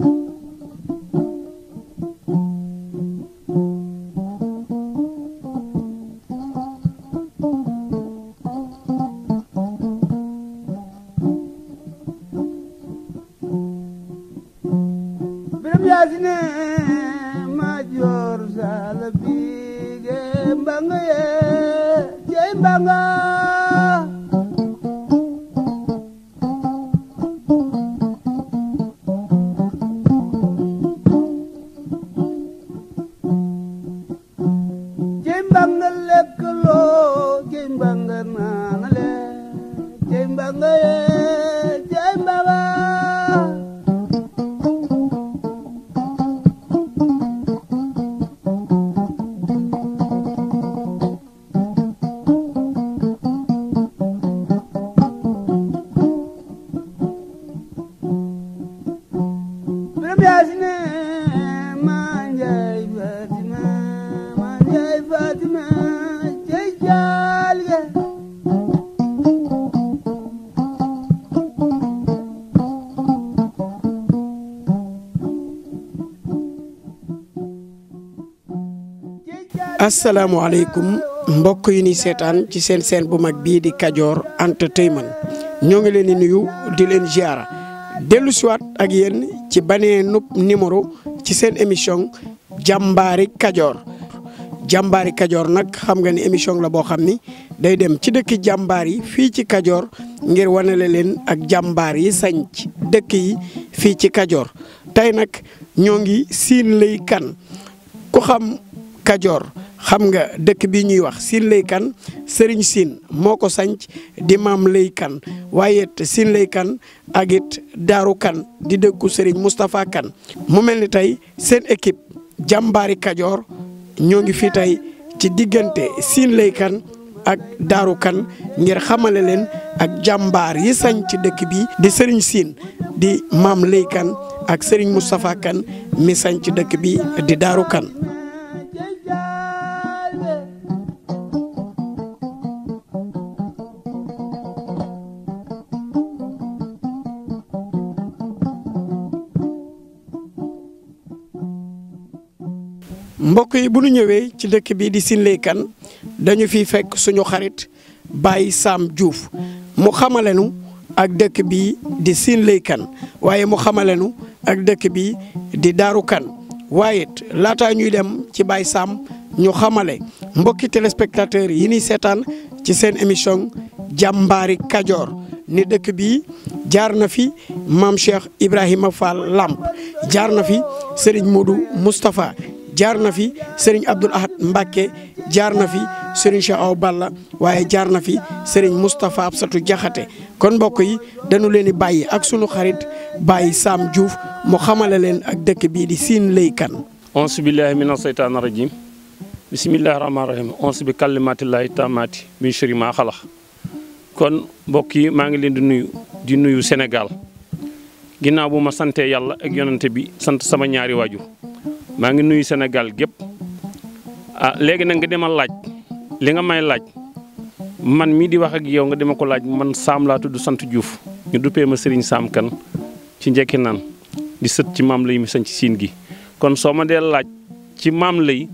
you Assalamualaikum. mbokk yi ni setan ci sen sen bu mag bi di kajor entertainment. Tëyman ñoo ngi leen di nuyu di leen delu ci wat ak yeen ci banen numéro ci sen émission kadior Jambari kajor nak xam nga ni émission la bo xamni day dem ci dëkki jambari fi ci kajoor ngir wanale len ak jambari sanj sañc dëkk yi fi ci kajoor tay nak ñongi sin. lay kan ku xam kajoor xam nga dëkk bi ñuy wax sin lay kan serigne sin moko ko sanc di mam lay kan waye sin lay kan agit daru kan di dëkku serigne mustapha kan mu melni tay seen équipe ñoo ngi fi tey ci diggante Sine Leye Kane ak daaru kan ngir xamale leen ak jàmbaar yi sañ ci dëkk bi di Serigne siin di maam Leye Kane ak sëriñ Moustapha Kane mi sañ ci dëkk bi di daaru kan mbokk yi bu ñu ñëwee ci dëkk bii di Sineley Kane dañu fi fekk suñu xarit Baye Sam Diouf mu xamalenu ak dëkk bii di Sineley Kane waaye mu xamaleenu ak dëkk bii di daaru Kane waaye it laataa ñuy dem ci Baye Sam ñu xamale mbokki téléspectateurs yi ni seetaan ci seen émission jàmbaari Kajoor ni dëkk bii jaar na fi maam Cheikh Ibrahima Fall làmp jaar na fi Serigne Modou Moustapha. jaar na fi Serigne Abdoul Ahad Mbacké jaar na fi Serigne Cheikh Aw Balla waye jaar na fi Serigne mustapha absatu jaxate kon mbok yi dañu leen di ak sunu xarit bayyi Sam Diouf mo xamale len ak dekk bi di sin lay kan ons billahi minas seytaan rajim bismillahir rahmanir rahim ons bi kalimatillahi tamati min shari ma xalax kon mbok yi ma ngi len di nuyu di nuyu senegal ginaaw bu ma santee ak yonante bi sante sama ñaari wajur ma ngi nuyu senegal gep ah legui nag nga dema laaj li nga may laaj man mi di wax ak yow nga dema ko laaj man Sam la tuddu sante Diouf ñu duppé ma Serigne Sam kan ci njekki nan di seut ci maam lay mi sant ci sin gi kon soo ma dee laaj ci maam lay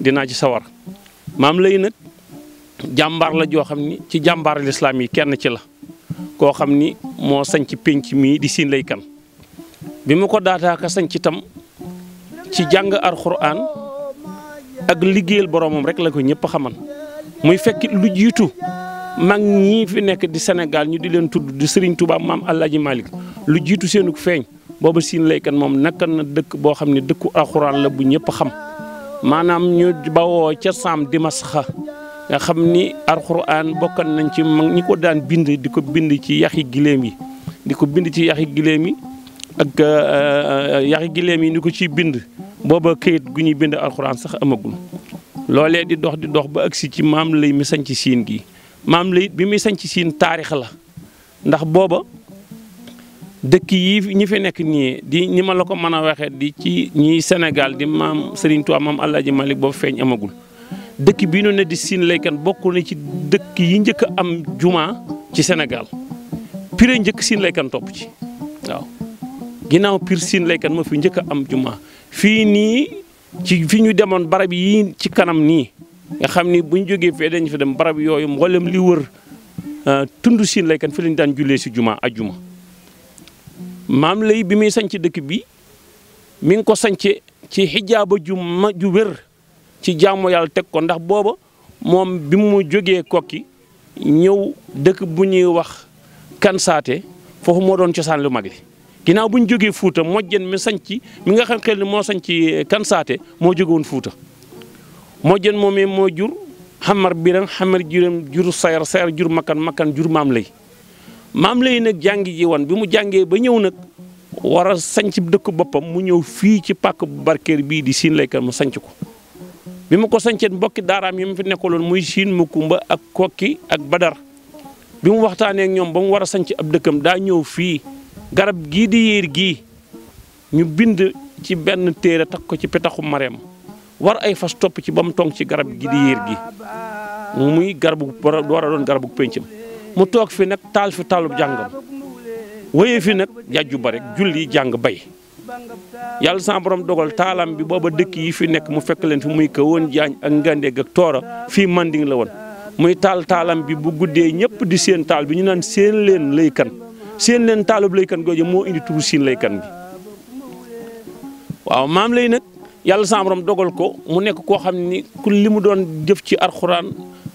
dina ci sawar maam lay nak jambar la jo xamni ci jambar l'islam yi kenn ci la ko xamni ni sant ci penc mi di sin lay kan bima ko data ka sant ci tam ci jàng alxuraan ak liggéeyal boromam rek la ko ñëpp xamal muy fekk lu jiitu mag ñii fi nekk di senegal ñu di leen tudd di Serigne Touba maam El Hadj lu jiitu seenu feeñ booba siin laykan moom naka na dëkk boo xam ne dëkku alxuraan la bu ñëpp xam maanaam ñu bawoo ca saam dimasxa nga xam ni alxuraan bokkan nañ ci mag ñi ko daan bind di ko bind ci yaxi giléem yi di ko bind ci yaxi giléem yi ak euh, euh, yaxi gileem yi ni ko ci bind booba kayit gu ñuy bind alxuraan sax amagul loolee di dox di dox ba agsi ci maam lay mi sañc siin gi maam lay bi muy sañc siin taarix la ndax booba dëkk yi ñi fi nekk nii di ñi ma la ko mën a waxee di ci ñi senegal di maam Serigne Touba maam El Hadj Malick boobu feeñ amagul dëkk bi ñu ne di Sine Laykan bokk na ci dëkk yi njëkk am jumaa ci senegal pire njëkk Sine Laykan topp ci waaw. ginaaw Pire lay kan mo fi ñëk am juma fi ni ci fi ñu demone barab yi ci kanam ni nga xamni ni joggé fi dañ fi dem barab yoyu mboolem li wër ah, sin lay kan fi lañu daan jullee si juma a juma mam lay bi muy sanc dëkk bi mi ngi ko sañcé ci hijaba juma ju wër ci jaamu yàlla tek ko ndax bobo mom bi mu joggé kokki ñew dëkk bu ñuy wax kansaate fofu mo doon lu magi ginaaw bu ñu jógee Fuuta mojjen mi sañci mi nga xam xel moo moo sañci Kansaate moo jóge woon Fuuta moo moomee moo jur xamar biram xamar juram jur sayar sayar jur makkan makkan jur maam lay maam lay nag jàngi ji woon bi mu jàngee ba ñëw nag war a sañc dëkk boppam mu ñëw fii ci pàkk bu barkeer bii di siin laykan mu sanc ko bi ma ko sañceen mbokki daaraam yi mu fi nekkooloon muy siin mu kumba ak kokki ak badar bi mu waxtaanee ak ñoom ba mu war a sañc ab dëkkam daa ñëw fii garab gidi di yéer gi ñu bind ci benn téere tak ko ci pétaxu mareem war ay fas topp ci bam tong ci garab gi di yéer gi muy garabu war wara doon garabu pencim mu toog fi nag taal fi taalub jàngam waye fi nag jàjju ba julli jàng bay yàlla sa borom dogal talam bi booba dëkk yi fi nekk mu fekk leen fi muy ka woon jaañ ak ngandeeg ak toora fii manding la woon muy taal taalam bi bu guddee ñëpp di seen taal bi ñu naan seen leen lay kan seen leen taalub laykan gooje moo indi turu siin laykan bi waaw maam lay nag yàlla sa borom dogal ko mu nekk koo xam ni ku li mu doon jëf ci alxuraan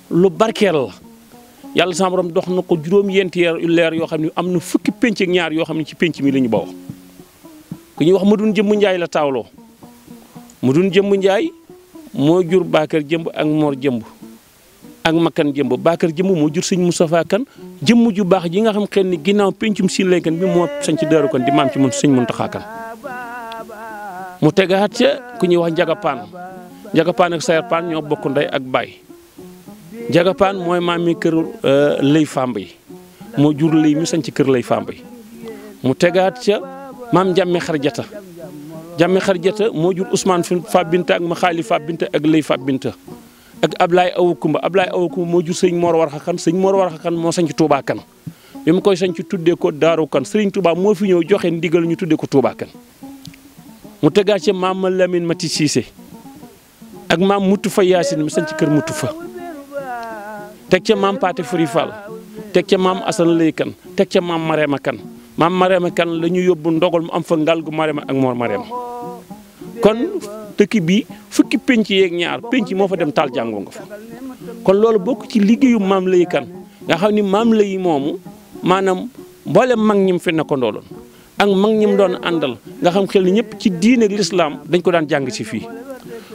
lu barkeel la yàlla sa dox na ko juróom yenti leer yoo xam ne am na fukki penc ñaar yoo xam ne ci penc mi lañu ñu bawoo ku ñuy wax Madoune Jëmb Njaay la taawloo Madoune Jëmb Njaay moo jur Bakar Jëmb ak Mor Jëmb ak makkan jëmb baakar jëmb moo jur sëñ Moustapha Kane jëmm ju baax ji nga xam xel ni ginnaaw pencum siin lay kan bi moo sañ ci Daaru Kane di maam ci mun sëñ Mountakha Kane mu tegaat ca ku ñuy wax Njagapaan Njagapaan ak Sayar Paan ñoo bokk ndey ak baay Njagapaan mooy maam mi kër euh, lay famb yi moo jur lay mi sañ ci kër lay famb yi mu tegaat ca maam Njàmme Xarjata Njàmme Xarjata moo jur Ousmane Fabinta ak ma xaali Fabinta ak lay Fabinta ak Ablaye Awa Kumba Ablaye Awa Kumba moo jur sëñ Mor Warxa Kan sëñ Mor Warxa Kan moo sañ ci Touba Kan bi mu koy sañ tuddee ko Daaru Kan Sëriñ Touba moo fi ñëw joxe ndigal ñu tuddee ko Touba Kan mu tegaat ci maam Lamine Mati siise ak maam Moutou Fa Yacine mi sañ ci kër Moutou Fa teg ca maam Paté Furi Fall teg ca maam Assane Lay Kan teg ca maam Marema Kan maam Marema Kan la ñu yóbbu ndogal mu am fa ngal gu Marema ak Mor Marema dëkk bi fukki penc yeeg ñaar penc moo fa dem taal jàngoo nga fa kon loolu bokk ci liggéeyu maam lay kan nga xam ni maam lay moomu maanaam mboolem mag ñi mu fi nekkandooloon ak mag ñi mu doon àndal nga xam xel ni ñëpp ci diine lislaam dañ ko daan jàng si fii.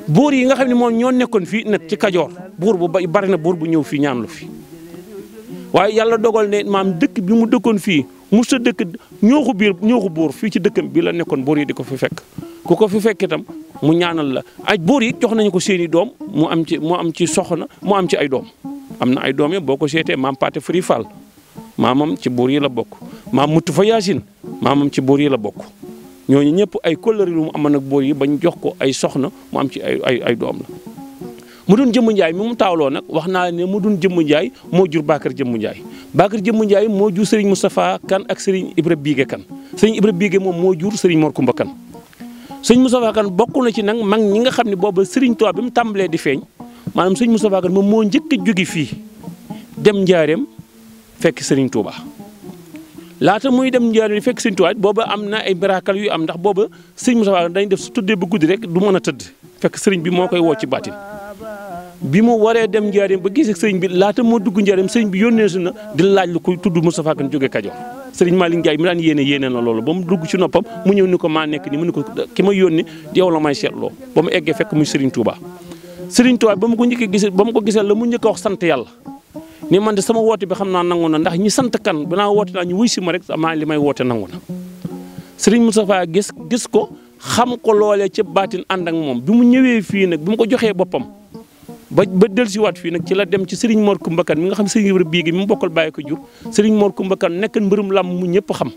buur yi nga xam ne moom ñoo nekkoon fii nag ci kajoor buur bu bari na buur bu ñëw fii ñaan lu fi waaye yàlla dogal ne maam dëkk bi mu dëkkoon fii. mu sa dëkk ñoo ko biir ñoo ko buur fii ci dëkkam bi la nekkoon buur yi di ko fi fekk ku ko fi fekk itam mu ñaanal la ay buur yi jox nañu ko seeni doom mu am ci mu am ci soxna mu am ci ay doom am na ay doom yi boo ko seetee maam Paate Firi Fall maamam ci buur yi la bokk maam Mutu Fa Yaasin ci buur yi la bokk ñooñu ñëpp ay kóllëre lu mu amoon nag buur yi bañ jox ko ay soxna mu am ci ay ay ay doom la mu dun jëmm Ndiaye mi mu taawloo nag wax naa ne mu dun jëmm Ndiaye moo jur Bakar jëmm Ndiaye Bakar jëmm Ndiaye moo jur Serigne Moustapha kan ak Serigne Ibra Biige Kane Serigne Ibra Biige moom moo jur Serigne Mor Kumba Kane Serigne Moustapha kan bokku na ci nag mag ñi nga xam ne booba Serigne Touba bi mu tàmbalee di feeñ maanaam Serigne Moustapha Kane moom moo njëkk a jóge fii dem Njaareem fekk sëriñ Touba laata muy dem Njaareem di fekk Serigne Touba booba am na ay miracle yu am ndax booba Serigne Moustapha Kane def su tuddee ba guddi rek du mën a tëdd. fekk sëriñ bi moo koy woo ci baatin bi mu waree dem njaareem ba gisee sëriñ bi laata moo dugg njaareem sëriñ bi yónnee si na di laaj lu koy tudd Moustapha Kane jóge Kajoor sëriñ Malick Ndiaye mi daan yéene yéene na loolu ba mu dugg ci noppam mu ñëw ni ko maa nekk ni mu ni ko ki ma yónni yow la may seetloo ba mu eggee fekk muy sëriñ Touba. sëriñ Touba ba mu ko njëkkee gisee ba mu ko gisee la mu njëkk a wax sant yàlla ni man de sama woote bi xam naa nangu na ndax ñi sant kan balaa woote naa si ma rek sama li may woote nangu na sëriñ ko xam ko loole ci baatin ànd ak moom bi mu ñëwee fii nag bi mu ko joxee boppam ba ba dellusiwaat fii nag ci la dem ci Serigne moor Koumba Kane nga xam Serigne Ibra bii gi mi mu bokkal bàyyi ko jur Serigne Mor Koumba Kane nekk mbërum làmb mu ñëpp xam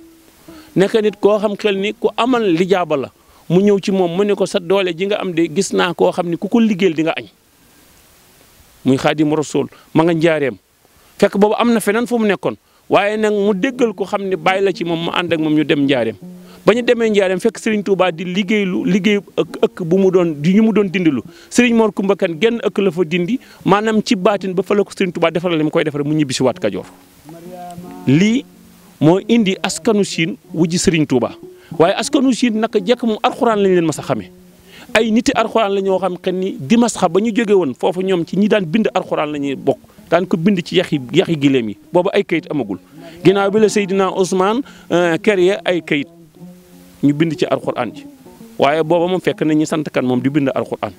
nekk nit koo xam xel ni ku amal lijaaba la mu ñëw ci moom mu ne ko sa doole ji nga am de gis naa koo xam ni ku ko liggéeyal di nga añ muy Xaadimu Rasuul ma nga njaareem fekk boobu am na feneen fu mu nekkoon waaye nag mu déggal ko xam ne bàyyi la ci moom mu ànd ak moom ñu dem njaareem ba ñu demee Njaareem fekk Serigne Touba di liggéeylu liggéey ëkk bu mu doon di ñu mu doon dindilu Serigne Mor Kumba Kan genn ëkk la fa dindi maanaam ci baatin ba fa la ko Serigne Touba defaral li mu koy defaree mu ñibbi si waat lii moo indi askanu siin wujji Serigne Touba waaye askanu siin naka jekk moom arxuraan lañ leen mas a xamee. ay nit arxuraan la ñoo xam xen ni dimas xa ba ñu jóge woon foofu ñoom ci ñi daan bind alxuraan la ñuy bokk daan ko bind ci yaxi yaxi gileem yi boobu ay kayit amagul ginnaaw bi la Seydina Ousmane euh, créé ay kayit. ñu bind ci alquran ji waaye booba moom fekk na ñi sant kan moom di bind alquran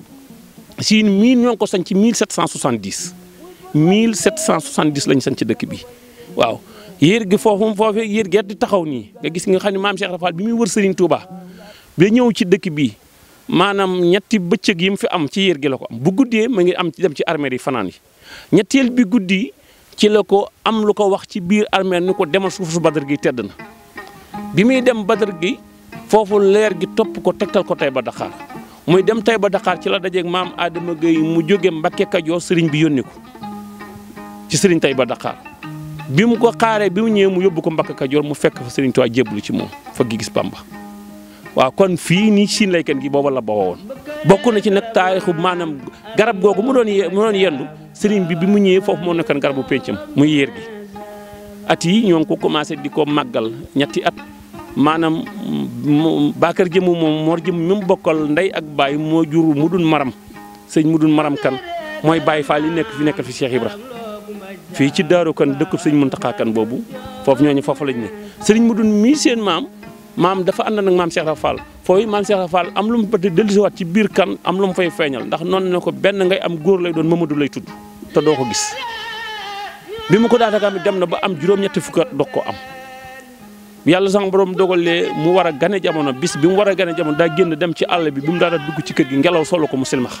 siin mii ñoo ngi ko sañ ci 1770 1770 lañ sañ ci dëkk bi waaw yéer gi foofu foofu yéer gi di taxaw nii nga gis nga xam ne maam Cheikh Rafal bi mi wër Serigne Touba ba ñëw ci dëkk bi maanaam ñetti bëccëg yi mu fi am ci yéer gi la ko am bu guddee ma ngi am ci dem ci armée yi fanaan yi ñetteel bi guddi ci la am lu ko wax ci biir armée ni ko demal suuf su Badar gi tedd bi muy dem Badar gi foofu leer gi topp ko tegtal ko ba Dakar muy dem ba daqaar ci la dajeeg maam Adama Gueye mu jóge Mbacke Kajoor sëriñ bi yónni ko ci sëriñ tay ba Dakar bi mu ko xaaree bi mu ñëwee mu yóbbu ko Mbacke Kajoor mu fekk fa sëriñ Tuubaa jébbalu ci moom fa gi gis Bamba waaw kon fii nii siin layken gi booba la bawoo woon bokk na ci nag taarixu maanaam garab googu mu doon mu doon yendu sëriñ bi bi mu ñëwee foofu moo nekkoon garabu péncam muy yéer gi at yi ñoo ngi ko commencé di ko màggal ñetti at maanaam baakar jëmu moom mor jëm mi bokol nday ak bay mo juru mudun maram seigne mudun maram kan moy bay Faal yi nek fi nek fi Cheikh ibrah fi ci daru kan dekk seigne muntaka kan boobu foofu ñooñu fofu lañ ne seigne mudun mi seen mam mam dafa and nak mam Cheikh rafal foy mam Cheikh rafal am lu mu peut être ci bir kan am lu mu fay feñal ndax non nako ben ngay am goor lay doon Mamadou lay tud ta doo ko gis bimu ko kam dem na ba am juroom ñetti fukki ko am yàlla sama borom dogalee mu war a gane jamono bis bi mu war a gane jamono daa génn dem ci àll bi bi mu daal dugg ci kër gi ngelaw solo ko mu silmax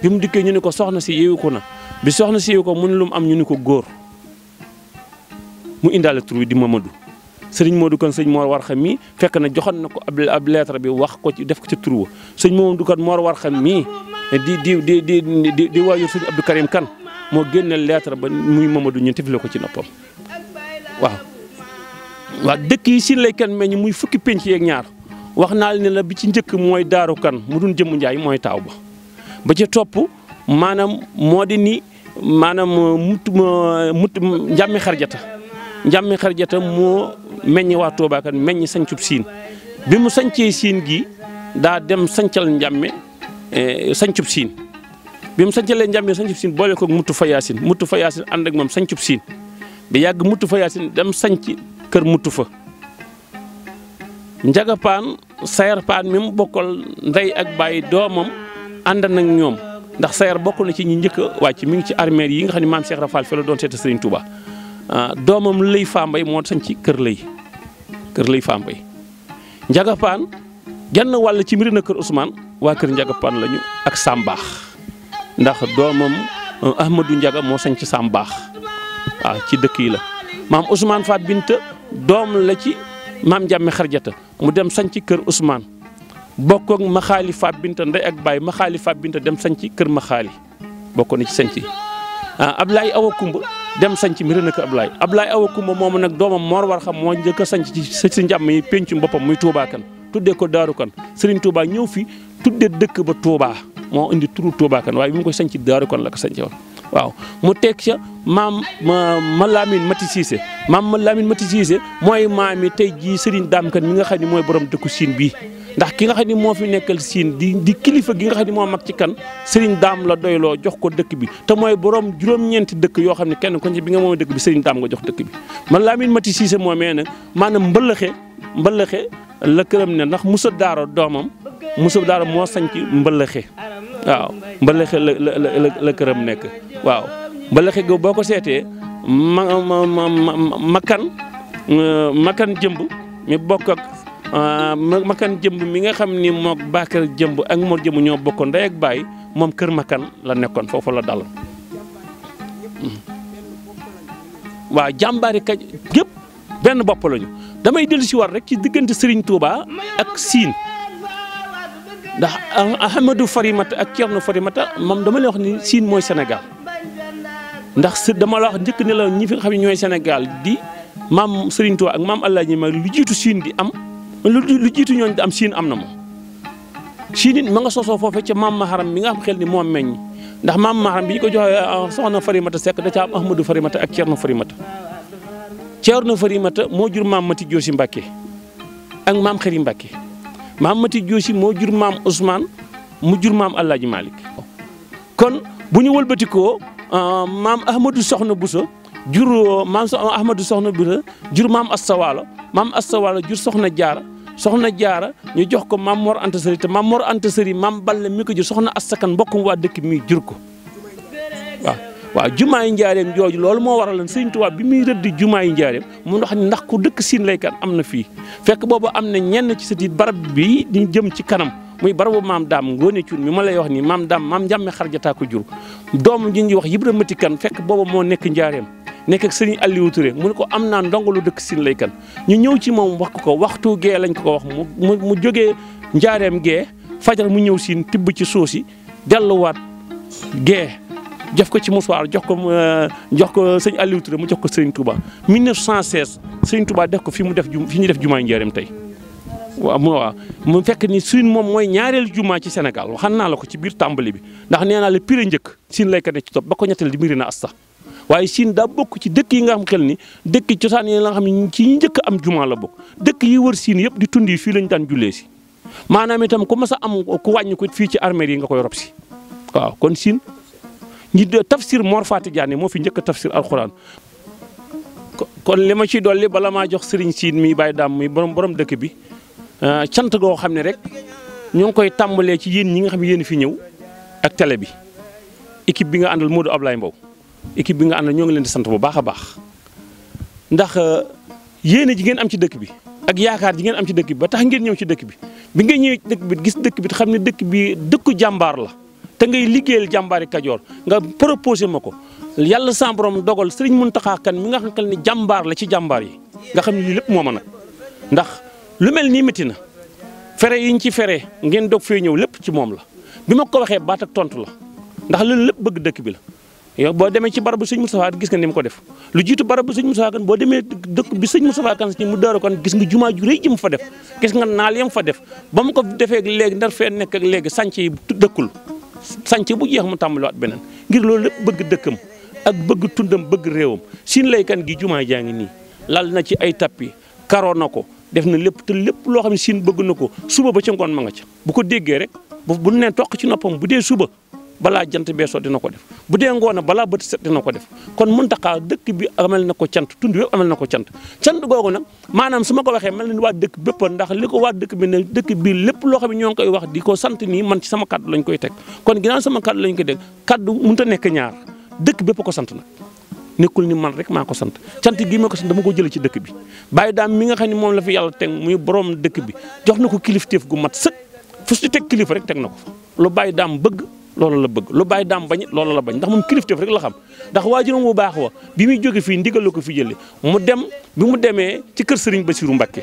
bi mu dikkee ñu ne ko soxna si yeewu ko na bi soxna si yeewu ko mu ne lu mu am ñu ni ko góor mu indaale tur di Mamadou sëriñ Modou Kane sëñ Mor Warxam mii fekk na joxoon na ko ab ab lettre wax ko ci def ko ci tur wa sëñ Modou Kane Mor Warxam mii di di di di di waajur sëñ Abdou Karim moo génne lettre ba muy Mamadou ñu tifle ko ci noppam waaw. waa dëkk yi siin lay kan meññ muy fukki pénc yeeg ñaar wax naa ne la bi ci njëkk mooy daaru kan mu dun jëmm njaay mooy taaw ba ba ca topp maanaam moo de ni maanaam mut mut njàmmi xarjata njàmmi xarjata moo meññ waa Touba kan meññ sañcub siin bi mu sañcee siin gi daa dem sañcal njàmme eh, sañcub siin bi mu sañcalee njàmme sañcub siin boole ko muttu fa yaasin muttu fa yaasin ànd ak moom sañcub siin bi yàgg muttu fa dem sañc kër muttu fa njaga pan sayar pan mi bokol nday ak baye domam and nak ñom ndax sayar bokku na ci ñi ñëk wacc mi ngi ci armée yi nga xamni ne Cheikh Rafal fi la doon seeta Serigne Touba ah, doomam lëy Fambay mo tan ci kër lay kër lëy Fambay njaga pan genn wàll ci mirina kër Ousmane wa kër njaga pan lañu ak sàmbaax ndax domam Ahmadou Njaga mo sañ ci sàmbaax ah ci dëkk yi la mam Ousmane Fat binte doom la ci maam Jamme Xarjata mu dem sanc kër Ousmane bokk ak xaali Fab Binta ndey ak baay Maxaali Fab Binta dem sanc kër Maxaali bokk na ci sanc ah, ab laay Awa Kumba dem sanc mi ab laay Ablaye Ablaye Awa Kumba moomu nag doomam moo war xam moo njëkk a sanc ci si njàmm yi pencum boppam muy Touba tuddee ko Daaru kan Serigne tuubaa ñëw fi tuddee dëkk ba Touba moo indi turu Touba waaye bi mu koy sanc Daaru kan la ko sanc woon waaw mu teg sa maam ma Lamine Mati Cissé maam ma Lamine Mati Cissé mooy maam yi tey jii Serigne Dame Kane mi nga xam ne mooy borom dëkku Siin bii ndax ki nga xam ne moo fi nekkal siin di di kilifa gi nga xam ne moo mag ci kan Serigne daam la doyloo jox ko dëkk bi te mooy borom juróom-ñeenti dëkk yoo xam ne kenn ko ci bi nga moom dëkk bi Serigne Dame nga jox dëkk bi man Lamine Mati Cissé moomee nag maanaam mbëllëxe mbëllëxe la këram ne ndax Moussa Daaro doomam Moussa Daaro moo sañ ci waaw mbalaxe la la la la këram nekk waaw mbalaxe go boo ko seetee ma ma makkan euh, makkan jëmb mi bokk ak euh, makkan jëmb mi nga xam ni mook baakar jëmb ak moo jëmb ñoo bokkoon ndey ak baay moom kër makkan la nekkoon foofu la dal hmm. waaw jàmbaari ka gépp benn bopp lañu damay dellu si war rek ci diggante Serigne Touba ak Sine ndax ah, Ahmadou Farimata ak Thierno Farimata moom dama lay wax ni Siin mooy Sénégal ndax dama la wax njëkk ne la ñi xam ñooy Sénégal di maam Serigne Touba ak maam allah ñi ma lu jiitu Siin di am lu jiitu ñooñ am Siin am na moom. ma nga soosoo foofee ca maam Maharam mi nga xam xel ni moom meññ ndax maam Maharam bi ñu ko joxee ah, soxna Farimata Seck da ca am Ahmadou Farimata ak Thierno Farimata Thierno Farimata moo jur maam Mati si Mbàkke ak maam Xëri Mbàkke maam Mati Joosi moo jur maam Ousmane mu jur maam El Hadj kon bu ñu wëlbatikoo euh, maam Ahmadou Soxna Bousso jur maam Ahmadou Soxna Bousso jur maam Asta Waalo maam Asta Waalo jur Soxna Jaara soxna jaara ñu jox ko maam Mor Anta Sëri te maam Mor Anta Sëri maam Balle mi ko jur soxna Astakan mbokkum waa dëkk mii jur ko wa juma yi njaareem jooju loolu mo waraloon sëñ touba bi mi rëdd jumaa yi njaareem mu ndox ndax ku dekk sin lay kan amna fi fekk boobu ci sa dit barab bi di jëm ci kanam muy barabu mam dam ngone ciun mi malay wax ni mam dam mam njàmme xarjata ko jur dom ji ñi wax yibra mati kan fekk bobu mo nekk ndiarem nekk ak serigne Aliou Touré mu ne ko amna ndongolu dekk sin lay kan ñu ñew ci mom wax ko waxtu ge lañ ko wax mu joge ndiarem ge fajar mu ñew sin tibb ci suuf delu wat ge jox ko ci musuwaar jox ko euh, jox ko sëñ Aliou Touré mu jox ko sëñ Touba 1916 sëñ Touba def ko fi mu def ju fi ñu def jumaay njaareem tey waaw mu fekk ni Siin moom mooy ñaareelu jumaa ci Sénégal waxan naa la ko ci biir tàmbali bi ndax nee naa la pire njëkk Siin lay kat ne ci topp ba ko di mbiri na asta waaye Siin daa bokk ci dëkk yi nga xam xel ni dëkk cosaan yi la nga xam ne ci ñi njëkk am jumaa la bokk dëkk yi wër Siin yëpp di tundi yi fii lañu daan jullee si maanaam itam ku mas a am ku wàññi fii ci armée yi nga koy rob si waaw ñi de tafsir Mor Fati Diané mo fi ñëk tafsir alquran kon lima ci doli bala ma jox Serigne sid mi bay dam mi borom borom dekk bi euh, cant goo rek ñong koy tàmbalee ci yeen ñi nga xam yeen fi ñew ak télé bi équipe bi nga andal Modou Ablaye mbaw équipe bi nga andal ñong leen di sant bu baaxa baax ndax euh, yeen ji ngeen am ci dekk bi ak yaakar ji ngeen am ci dekk bi ba tax ngeen ñew ci dekk bi bi ngeen ñew ci bi gis dekk bi xamne dekk bi dekk jambar la te ngay liggéeyal jambaari kadior nga proposé mako yalla sa borom dogal serigne Muntaxa Kan mi nga xankal ni jambar la ci jambar yi nga xamni li lepp lépp moo ndax lu mel ni metina féré yiñ ci fere ngeen dog fee ñew lepp ci mom la bima ko waxé bat ak tontu la ndax lu lepp bëgg dëkk bi la yow bo démé ci barbu serigne Moustapha gis nga ni mu ko def lu jitu barbu serigne Moustapha Kan bo démé dëkk bi serigne Moustapha Kan ci mu Daaru Kan gis nga juma ju rëy ji mu fa def gis nga naal yam fa def ba ko défé ak légui ndar fee nek ak légui sancé dëkkul sànc bu jeex mu tàmbaliwaat benen ngir loolu lepp bëgg dëkkam ak bëgg tundam bëgg réewam sin lay kan gi juma jaa ni lal na ci ay tappi karo nako def na lepp te lepp lo xamni sin bëgg nako suba ba ci ngon ma nga ci bu ko déggé rek bu ne tok ci noppam bu dé suba Bala jant bee so dina ko def bu dee ngoon na balaa set dina ko def kon muntaka dekk bi amel nako ko tundu tund amel nako na ko gogo nak manam suma ko waxe melni wa dekk bepp ndax liko wa dekk bi ne dekk bi lepp lo xamni ñong koy wax di sant ni man ci sama kaddu lañ koy tek kon ginnaaw sama kaddu lañ koy tek kaddu munta nek ñaar dekk bepp ko sant nak nekul ni man rek mako sant cant gi ma sant dama ko jël ci dekk bi baye dam mi nga xamni mom la fi yalla tek muy borom dekk bi jox nako kilifteef gu mat sëkk fu ci teg rek tek nako lu baye dam bëgg loolu la bëgg lu bàyyi daam bañ loolu la bañ ndax moom kilifteef rek la xam ndax waajuram bu baax wa bi muy jóge fii ndigal la ko fi jëlee mu dem bi mu demee ci kër Serigne Bassirou Mbacké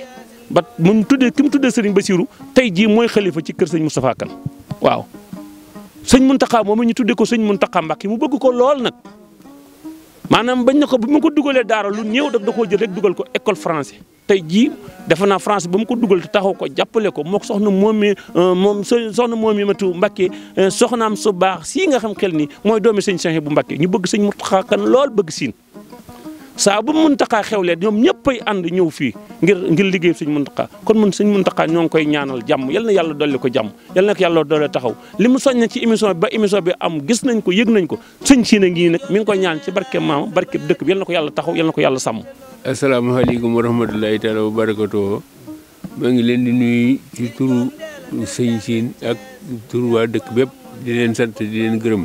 ba mu tuddee ki mu tuddee Serigne Bassirou tey jii mooy xalifa ci kër Serigne Moustapha Kane waaw. sëñ Mountakha moom ñu tuddee ko sëñ Mountakha Mbacké mu bëgg ko lool nag maanaam bañ na ko bu ma ko dugalee daara lu néew da koo jël rek dugal ko école français. tey jii defe naa France ba mu ko dugal taxaw ko jàppale ko moo soxna moom mi euh, moom soxna moom mi matu Mbacke euh, soxnaam su baax sii nga xam xel ni mooy doomi sëñ Cheikh bu Mbacke ñu bëgg sëñ Mountakha Kane lool bëgg siin saa bu Mountakha xewlee ñoom ñëppay ànd ñëw fii ngir ngir liggéey sëñ Mountakha kon mun sëñ Mountakha ñoo ngi koy ñaanal jàmm yal na yàlla dolli ko jàmm yal na ko yàlla dolli taxaw li mu soññ ci émission bi ba émission bi am gis nañ ko yëg nañ ko sëñ siin a ngi nag mi ngi koy ñaan ci barke maama barke dëkk na ko yàlla taxaw yal na ko yàlla sàmm asalaamaaleykum wa rahmatulahi taala wa barakatuh maa ngi leen di nuyu ci turu sëñ siin ak turu waa dëkk bépp di leen sant di leen gërëm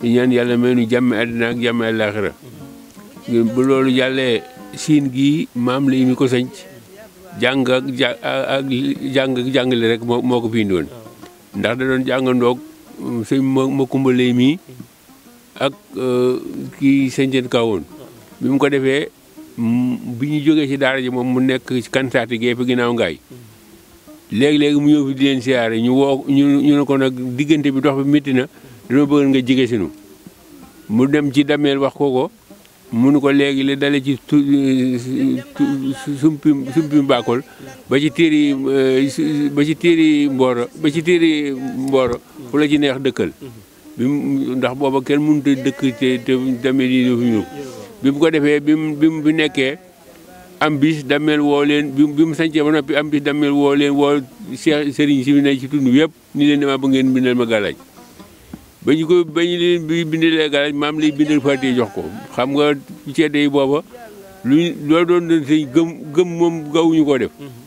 di ñaan yàlla may nu jàmm àddina ak jàmm àllaaxira bu loolu yàllee siin gi maam la imi ko sanc jàng ak ak jàngale rek moo ko fi indoon ndax da doon jàngandoog um, sëñ ma kumba lay mii ak uh, ki sañceen kawoon bi mu ko defee bi ñu jógee ci daara ji moom mu nekk ci kantaati gee fi ginnaaw ngaay léegi-léegi mu ñëw fi di leen siyaare ñu woo ñu ñu ne ko nag diggante bi dox bi métti na dama bëgg nga jige sinu mu dem ci dameel wax ko ko munu ko léegi li dale ci tu euh, sumpi sumpi mbakol ba ci téeri euh, ba ci téeri mbooro ba ci téeri mbooro fu la ci neex dëkkal mm-hmm. bi ndax booba kenn mënut a dëkk te te dameel yi ñu bi mu ko defee bi mu bi mu fi nekkee am bis dammel woo leen bi bi mu sañcee ba noppi am bis dammel woo leen woo Cheikh Serigne si ne ci tund yëpp ni leen damaa ba ngeen bindal ma galaaj ba ñu ko ba ñu leen bi bindalee galaaj maam lay bindal fàtte jox ko xam nga cedde yi booba lu loo doon doon sëñ gëm gëm moom gawuñu koo def mm-hmm.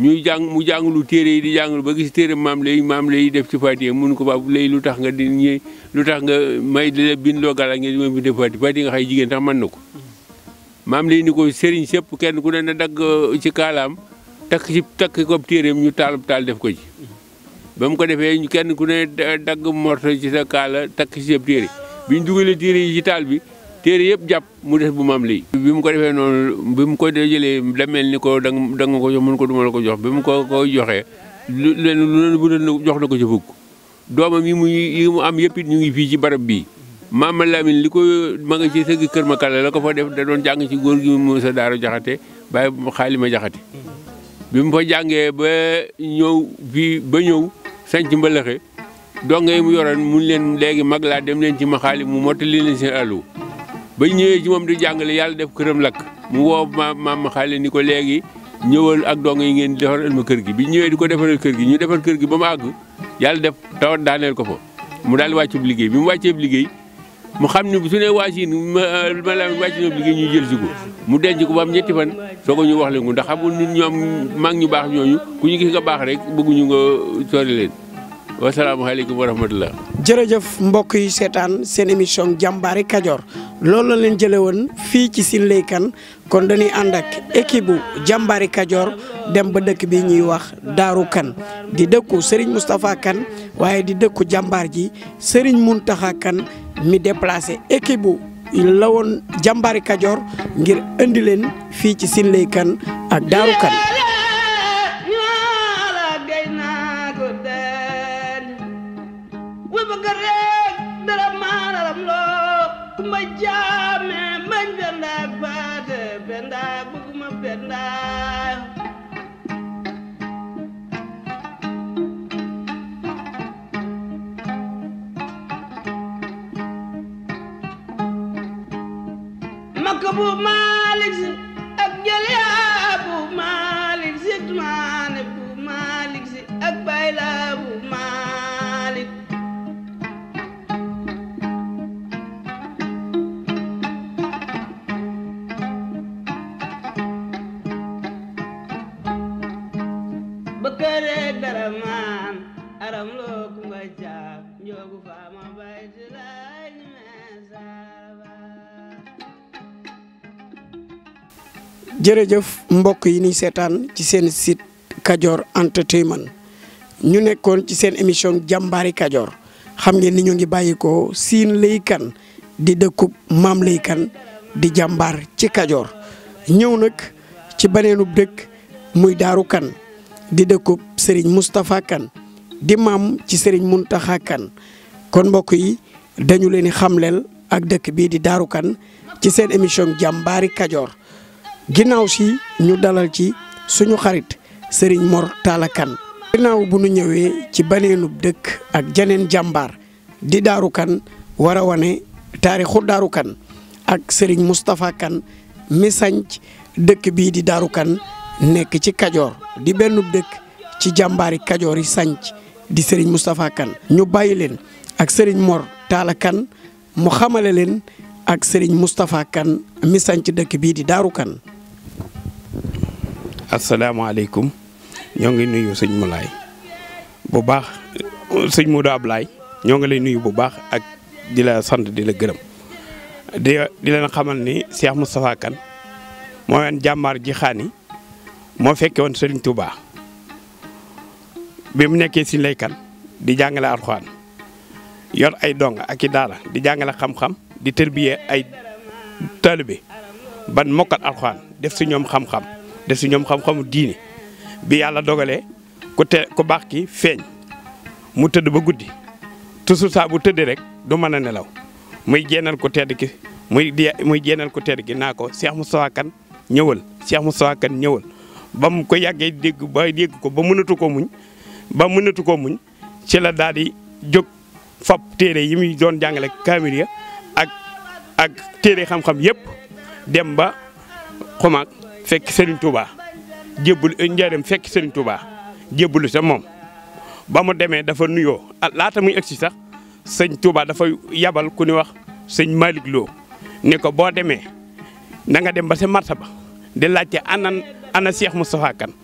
ñuy jàng mu jàngulu téere yi di jàngulu ba gis téere maam lay maam lay def ci Fatiha mun ko baax léegi lu tax nga lu tax nga may di la bindoo gàll ak ngeen di def Fatiha Fatiha nga xay jigéen tax mën na ko. maam lay ni ko sëriñ sëpp kenn ku ne na dagg ci kaalaam takk ci takk ko téereem ñu taalub taal def ko ci. ba mu ko defee kenn ku ne dagg morto ci sa kaala takk ci sa téere bi ñu dugalee téere yi ci taal bi. téere yëpp jàpp mu des bu maam lii bi mu ko defee noonu bi mu ko jëlee da mel ni ko da nga ma ko jox mën ko du ma la ko jox bi mu ko koy joxee lu leen lu leen jox na ko ci fukk doomam yi mu yi mu am yëpp it ñu ngi fii ci barab bii maama Lamine li ko ma nga ci sëgg kër ma kale la ko fa def da doon jàng ci góor gi mu sa daara jaxate bàyyi xaalima jaxate bi mu fa jàngee ba ñëw fii ba ñëw sanc mbalaxe donge yi mu yoroon mun leen léegi mag laa dem leen ci ma xaali mu mottali leen seen àllu bay ñëwee ci moom di jàngale yàlla def këram lakk mu woo maam maam xale ni ko léegi ñëwal ak dong yi ngeen defaral ma kër gi bi ñëwee di ko defaral kër gi ñu defar kër gi ba mu yàlla def tawat daaneel ko fa mu daal wàccub liggéey bi mu wàcceeb liggéey mu xam ne su ne waa Chine ma ma la wàcc na liggéey ñu jël si ko mu denc ko ba am ñetti fan soo ko ñu wax leen ko ndax xamul ñun ñoom mag ñu baax ñooñu ku ñu gis nga baax rek bëgguñu nga sori leen wasalaamaaleykum wa jërëjëf mbokk yi seetaan seen émission jàmbaari kajoor loolu la leen jëlee woon fii ci Sine Leye kon dañuy ànd ak équipe bu jàmbaari kajoor dem ba dëkk bi ñuy wax Daaru kan di dëkku sëriñ Moustapha Kane waaye di dëkku jàmbaar ji Serigne Mountakha kan mi déplacé équipe bu la woon jàmbaari kajoor ngir indi leen fii ci Sine Leye ak Daaru Kane. dara maanaram loo ku ma jaame mañ benda baate benda bëgguma benda makabu malik jërëjëf mbokk yi ni seetaan ci seen site Kadior Entertainment ñu nekkoon ci seen émission jàmbaari kajoor xam ngeen ni ñu ngi bàyyikoo siin Lay kan di dëkkub Maam Lay kan di jàmbaar ci kajoor ñëw nag ci beneenub dëkk muy Daaru kan di dëkkub Serigne Moustapha Kane di maam ci Serigne Mountakha Kane kon mbokk yi dañu leen di xamleel ak dëkk bii di Daaru kan ci seen émission jàmbaari kajoor ginnaaw si ñu dalal ci suñu xarit Serigne Mor Talla Kane ginnaaw bu nu ñëwee ci baneenub dëkk ak jeneen jàmbaar di Daaru Kane a wane taarixu daarukan ak sëriñ Moustapha Kane mi sanc dëkk bii di daarukan nekk ci Kajoor di benn dëkk ci jàmbaari Kajoor yi sanc di Serigne Moustapha ñu bàyyi leen ak Serigne Mor taalakan mu xamale leen ak Serigne Moustapha Kane mi sanc dëkk bii di Daaru asalaamaaleykum ñoo ngi nuyu sëñ Moulay bu baax sëñ Modou Ablaye ñoo ngi lay nuyu bu baax ak di la sant di la gërëm di di leen xamal ni Cheikh Moustapha Kane moo wen jàmbaar ji xaani moo fekke woon Serigne Touba bi mu nekkee si laykan di jàngale alxuraan yor ay dong ak i daara di jàngale xam-xam di tërbiyee ay taalibe ban mokkat alxuraan def si ñoom xam-xam. def si ñoom xam-xamu diine bi yàlla dogalee ku te ku baax ki feeñ mu tëdd ba guddi toujours saa bu tëddee rek du mën a nelaw muy jéenal ku tedd ki muy di muy jéenal ku tedd ki naa ko Cheikh Moustapha Kane ñëwal Cheikh Moustapha Kane ñëwal ba mu ko yàggee dégg ba dégg ko ba mënatu ko muñ ba mënatu ko muñ ci la daal di jóg fab téere yi muy doon jàngale kaamil ya ak ak téere xam-xam yëpp dem ba xumaag fekk Serigne Touba jébbalu eh, njaareem fekk Serigne Touba jébbalu sa moom ba mu demee dafa nuyoo ah, laata muy si sax sëñ Touba dafa yabal ku ni wax sëñ Malick Lo ni ko boo demee nanga dem ba sa marsa ba di laajte ana ana Cheikh Moustapha Kane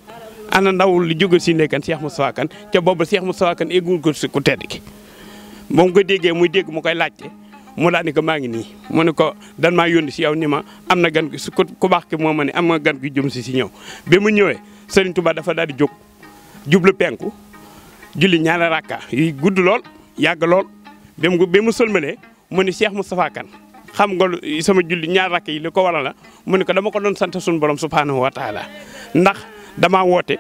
ana ndawul li jóge si nekkan seex mu Kane ca boobu Cheikh Moustapha Kane eggul ko si ku tedd ki moom ko déggee muy dégg mu koy laajte. mu laa ni maa ngi nii mu ne ko dan maa yondi si ni ma am na gan su ku baax ki moo ma ne am na gan gi jëm si si ñëw bee mu ñëwee Serigne Touba dafa daal di jóg jublu penku julli ñaari rakka yi gudd lool yàgg lool bi mu mu sëlmalee mu ni Cheikh Moustapha Kane xam nga sama julli ñaari rakk yi li ko waral la mu ne ko dama ko doon sant suñu borom subhanahu wa taala ndax dama woote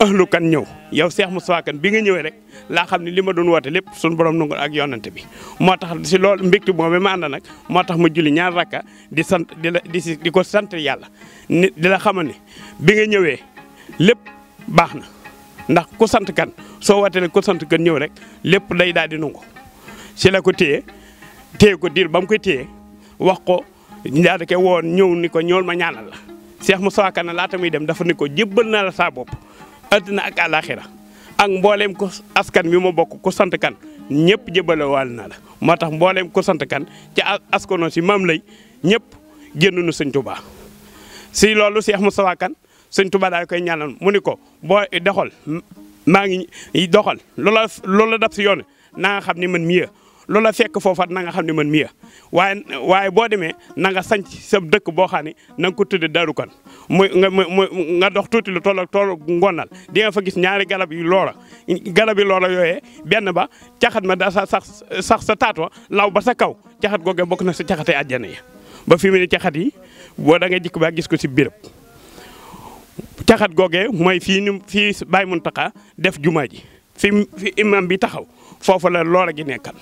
ahlu kan ñëw yow seex mu sawakan bi nga ñëwee rek laa xam ne li ma doon woote lépp suñu borom nangu ak yonante bi moo tax si lool loolu moo boobu ma ànd nag moo tax ma julli ñaar rakka di sant di di di ko sant yàlla ni di la xamal ne bi nga ñëwee lépp baax na ndax ku sant kan soo wootee rek ku sant kan ñëw rek lépp day daal di nangu si la ko téye téye ko diir ba mu koy téye wax ko daal di ko woon ñëw ni ko ñool ma ñaanal la Cheikh Moustapha Kane laata muy dem dafa ni ko jébbal naa la saa bopp àddina ak àlaaxira ak mbooleem ko askan wi ma bokk ko sant kan ñëpp jëbalewaal na la moo tax mbooleem ko sant kan ci askano si maam lay ñëpp génn nu sëñ Tuubaa si loolu Seex Mustafaa Kan sëñ Tuubaa daal koy ñaanal mu ni ko boo doxal maa ngi doxal loola loola dab si yoon naa xam ni man mii loolu la fekk foofa nanga xam ne man mii waaye waaye boo demee nanga nga sanc dëkk boo xam ne na nga ko tudde Daaru Kan muy nga nga dox tuuti lu toll ak toolu ngonal di fa gis ñaari garab yu loola garab yi loola yooyee benn ba caxat ma da sa sax sax sa taato law ba sa kaw caxat googee bokk na sa caxate àjjana yi ba fi mu ne caxat yi boo da nga jikk ba gis ko si béréb caxat googee mooy fii ni fii Baye Mountakha def jumaa ji fi imam bi taxaw foofu la loola gi nekkal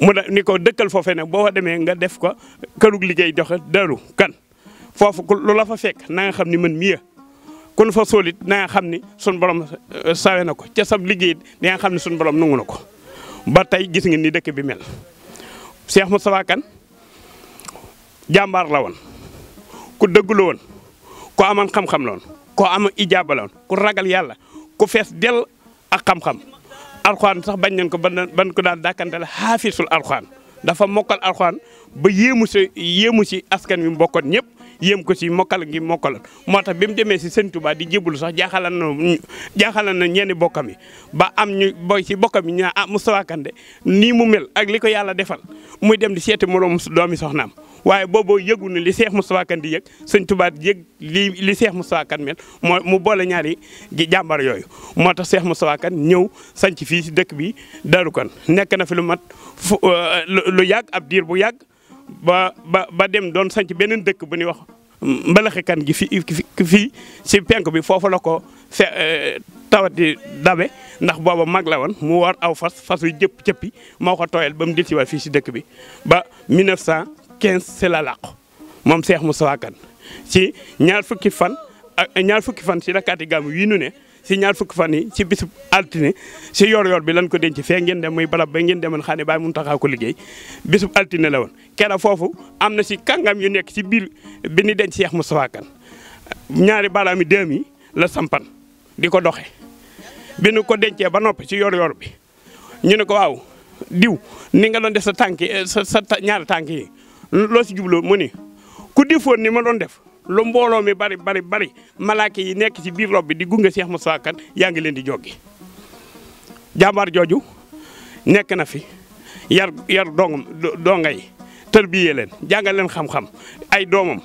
mu ni ko dëkkal foofe ne boo demee nga def ko kërug liggéey joxe daru kan foofu lu la fa fekk na xam ni man mieux kun fa solit na xam ni sunu borom eh, sawe na ko ca sab liggéey di xam ni sunu borom nangu na ko ba tey gis nga ni dëkk bi mel. Cheikh Moustapha kan jàmbaar la woon ku dëgg woon ku amoon xam-xam la woon ku am ijaaba la ku ragal yàlla ku fees dell ak xam-xam. alxuraan sax bañ nañ ko ban ko daan dàkkanteel xaafisul alxuraan dafa mokkal alxuraan ba yéemu si yéemu si askan wi mbokkoon ñëpp yéem ko si mokkal gi mokkal moo tax bi mu demee si sëñ Tuubaa di jébul sax jaaxalan na jaaxalan na ñeeni bokkam yi ba am ñu boy si bokkam yi ñu ah Moustapha Kande nii mu mel ak li ko yàlla defal muy dem di seeti moroom doomi soxnaam waaye booboo yëgu ne li seex mu Kane di yëg sëñ Touba yëg li seex mu Moustapha Kane mel mu boole ñaari jàmbar yooyu moo tax Cheikh Moustapha Kane ñëw sanc fii si dëkk bi Darou Kane nekk na fi lu mat fu euh, lu yàgg ab diir bu yàgg ba ba ba dem doon sanc beneen dëkk bu ñuy wax mbalaxikan gi fi fii si penk bi foofu la ko fe eh, tawati dabe ndax booba mag la wan mu war aw fas fas yu jëpp cëppi moo ko tooyal ba mu dellusiwaat fii si dëkk bi ba quinze si la làqu moom seex mu Moussa Kane si ñaar fukki fan ñaar fukki fan si la kàtti gàmm yi nu ne si ñaar fukk fan yi si bisub si yor-yor bi lañ ko denc fe ngeen dem muy barab ba ngeen demoon Bisu bay bàyyi ko liggey bisub altiné la won kera fofu amna ci kangam yu nekk ci bir bi ni denc Cheikh Moustapha kan ñaari balami demi la sampan di doxé bi nu ko ba nopi si yor-yor bi ñu ne ko waw diw ni nga don def sa tanki eh, sa ñaar tanki lo ci jublo ni ku difon ni ma don def. lu mbooloo mi bari bari bari malaaka yi nekk ci biir rob bi di gunge Cheikh Moustapha Kane yaa ngi leen di joggi jàmbaar jooju nekk na fi yar yar dongam donga yi tërbiyee leen jàngal leen xam-xam ay doomam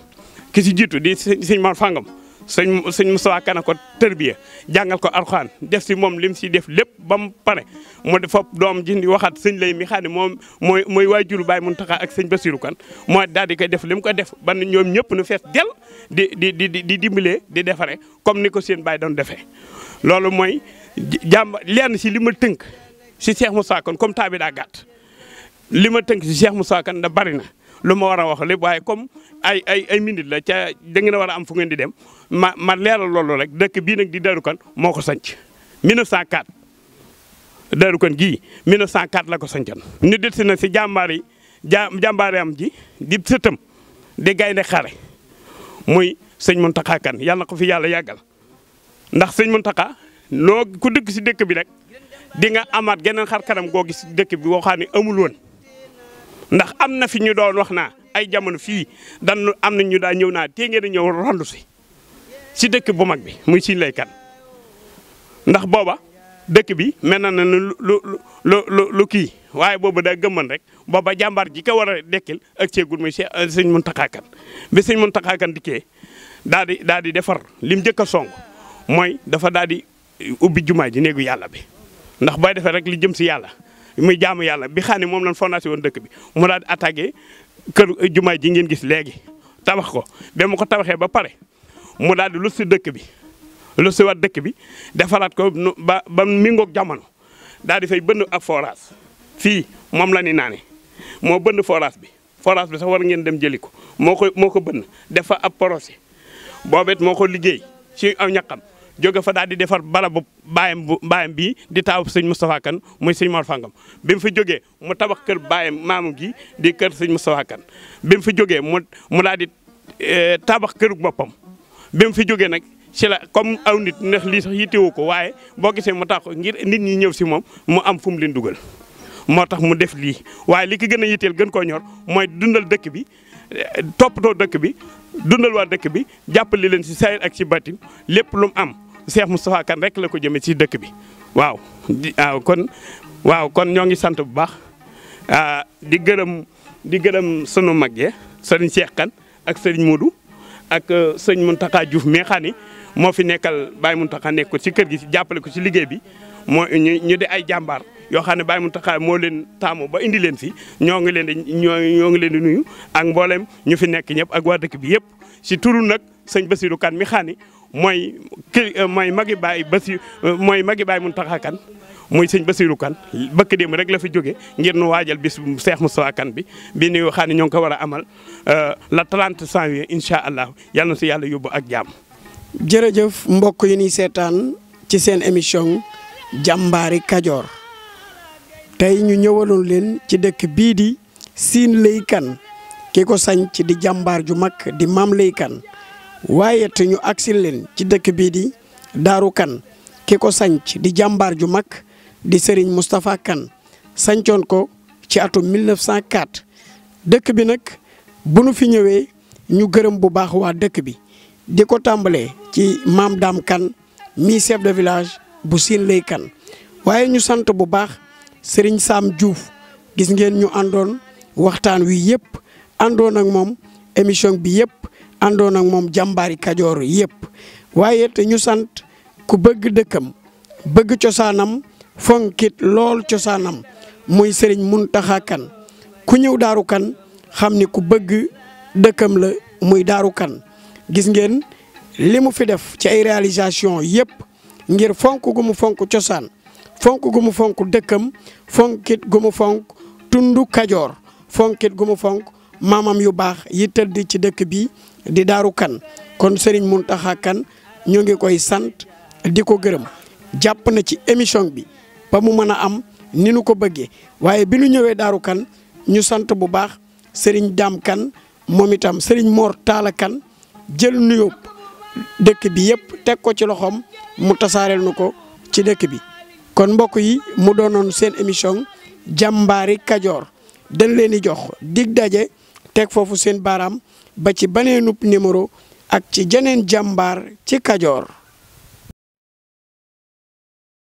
ki si jiitu di sëñ man fàngam sëñ sëñ Moussa Ka na ko tërbiya jàngal ko alxuraan def si moom lim si def lépp ba mu pare mu def foofu doom ji di waxaat sëñ lay mi xam moom mooy mooy waajuru Baay Muntaxa ak sëñ Basiru Kan moo daal di koy def lim ko def ba ñoom ñëpp nu fees del di di di di dimbalee di defare comme ni ko seen baay doon defee. loolu mooy jàmb lenn si li ma tënk si Cheikh mu Kane comme temps bi daa gàtt li ma tënk si Cheikh mu Kane da bari na. lu ma war a wax lépp waaye comme ay ay ay la ca da ngeen war a am fu ngeen di dem ma ma leeral loolu rek dëkk bii nag di Darou Kane moo ko sanc 1904 Darou Kane gii 1904 la ko sancan ñu det si na si jàmbaar yi ja am ji di sëtam di gaynde xare muy sëñ Mountakha Kane yàlla ko fi yàlla yàggal ndax sëñ taka loo ku dëkk si dëkk bi rek di nga amaat geneen xar kanam goo gis dëkk bi boo xam amul woon ndax am na fi ñu doon wax naa ay jamono fii dan am na ñu daa ñëw naa tee ngeen a ñëw rondu si si dëkk bu mag bi muy Sine Leye Kane ndax booba dëkk bi mel na ne lu lu lu lu kii waaye boobu daa gëmman rek booba jàmbaar ji ko war a dekkil ak ceegul muy euh, sëñ Mountakha Kane bi sëñ Mountakha Kane dikkee daal di daal di defar lim njëkk a song mooy dafa daal di ubbi jumaa ji néegu yàlla bi ndax boo defee rek li jëm si yàlla mu jaamu yàlla bi xam ne moom lañ fondation woon dëkk bi mu daal di attaqué kër jumaa ji ngeen gis léegi tabax ko ba mu ko tabaxee ba pare mu daal di lu si dëkk bi lu si waat dëkk bi defaraat ko ba ba mingoog jamono daal di fay bënn ak forage fii moom la ni naane moo bënn forage bi forage bi sax war ngeen dem jëli ko moo ko moo ko bënn def fa ab projet boobu moo ko liggéey ci aw ñaqam joge fa daldi di defar bala bu bayam bu di taw seigne mustapha kan muy seigne Mor Fangam bi fi joge mu tabax keur bayam maamu gi di keur seigne mustapha kan bim fi joge mu mu daal di eh, tabax këru boppam fi joge nak ci la comme aw nit nekh li sax yittewu ko waaye boo gisee mu tax ngir nit ñi ñew si mom mu am fum leen dugal moo mu def li waye li ki gëna yitel gën ko ñor moy dundal dekk bi eh, toppatoo dekk bi dundal wa dekk bi jàppale leen ci sayr ak ci batim lepp lu am mu Moustapha kan rek la ko jëmee ci dëkk bi waaw ah, kon waaw kon ñoo ngi sant bu baax ah, di gërëm di gërëm sunu mag ye sëriñ Cheikh kan ak sëriñ Modou ak euh, sëñ Mountakha Diouf mi xam moo fi nekkal mun Mountakha nekk ko si kër gi si jàppale ko ci liggéey bi moo ñu ñu di ay jàmbaar yoo xam ne Baye Mountakha moo leen taamu ba indileen fi ñoo ngi leen di ñoo ngi leen di nuyu ak mboolem ñu fi nekk ñëpp ak waa dëkk bi yëpp si turu nag sëñ Bassirou Kane mi xam moy mai eh, magi baay basi eh, mai magi baay Muntaxa Kan muy sëñ Basiru Kan bëkk dem rek la fi jóge ngir nu waajal bis cheikh Musaa Kan bi bi ni waxaa ne ko wara amal eh, la 30 janvier incha allah yal na si yàlla ak jàmm. jërëjëf mbokk yi ni seetaan ci seen émission jàmbaari kadior tay ñu ñëwaloon leen ci dëkk bi di sin Lay Kan sañ ci di jambar ju mak di mam Lay kan. waaye te ñu agsi leen ci dëkk bii di Daaru Kan ki ko sanc di jàmbaar ju mag di Serigne Moustapha Kane sancoon ko ci atum 1904 dëkk bi nag bu nu fi ñëwee ñu gërëm bu baax waa dëkk bi di ko tàmbalee ci maam Dame Kane mi chef de village bu Siin Lay Kane waaye ñu sant bu baax Serigne Sam Diouf gis ngeen ñu àndoon waxtaan wi yëpp àndoon ak moom émission bi yëpp àndoon ak moom jàmbaari kajoor yëpp waaye te ñu sant ku bëgg dëkkam bëgg cosaanam fonkit lool cosaanam muy mun Muntaxa Kan ku ñëw daaru kan xam ni ku bëgg dëkkam la muy daaru kan gis ngeen li mu fi def ci ay réalisation yëpp ngir fonk gu fonk cosaan fonk gu mu fonk dëkkam fonkit gu mu fonk tundu kajoor fonkit gu fonk maamam yu baax yi tëdd ci dëkk bi di daaru kan kon Serigne Mountakha kan ñu ngi koy sant di ko gërëm jàpp na ci émission bi ba mu mën a am ni nu ko bëggee waaye bi nu ñëwee daaru kan ñu sant bu baax sëriñ Dame kan moom itam Serigne moor taala kan jël nuyoo dëkk bi yëpp teg ko ci loxoom mu tasaareel nu ko ci dëkk bi kon mbokk yi mu doonoon seen émission jàmbaari kajoor dañ leen di jox dig daje teg foofu seen baaraam. ba ci baneenu numéro ak ci jeneen jàmbaar ci Kajoor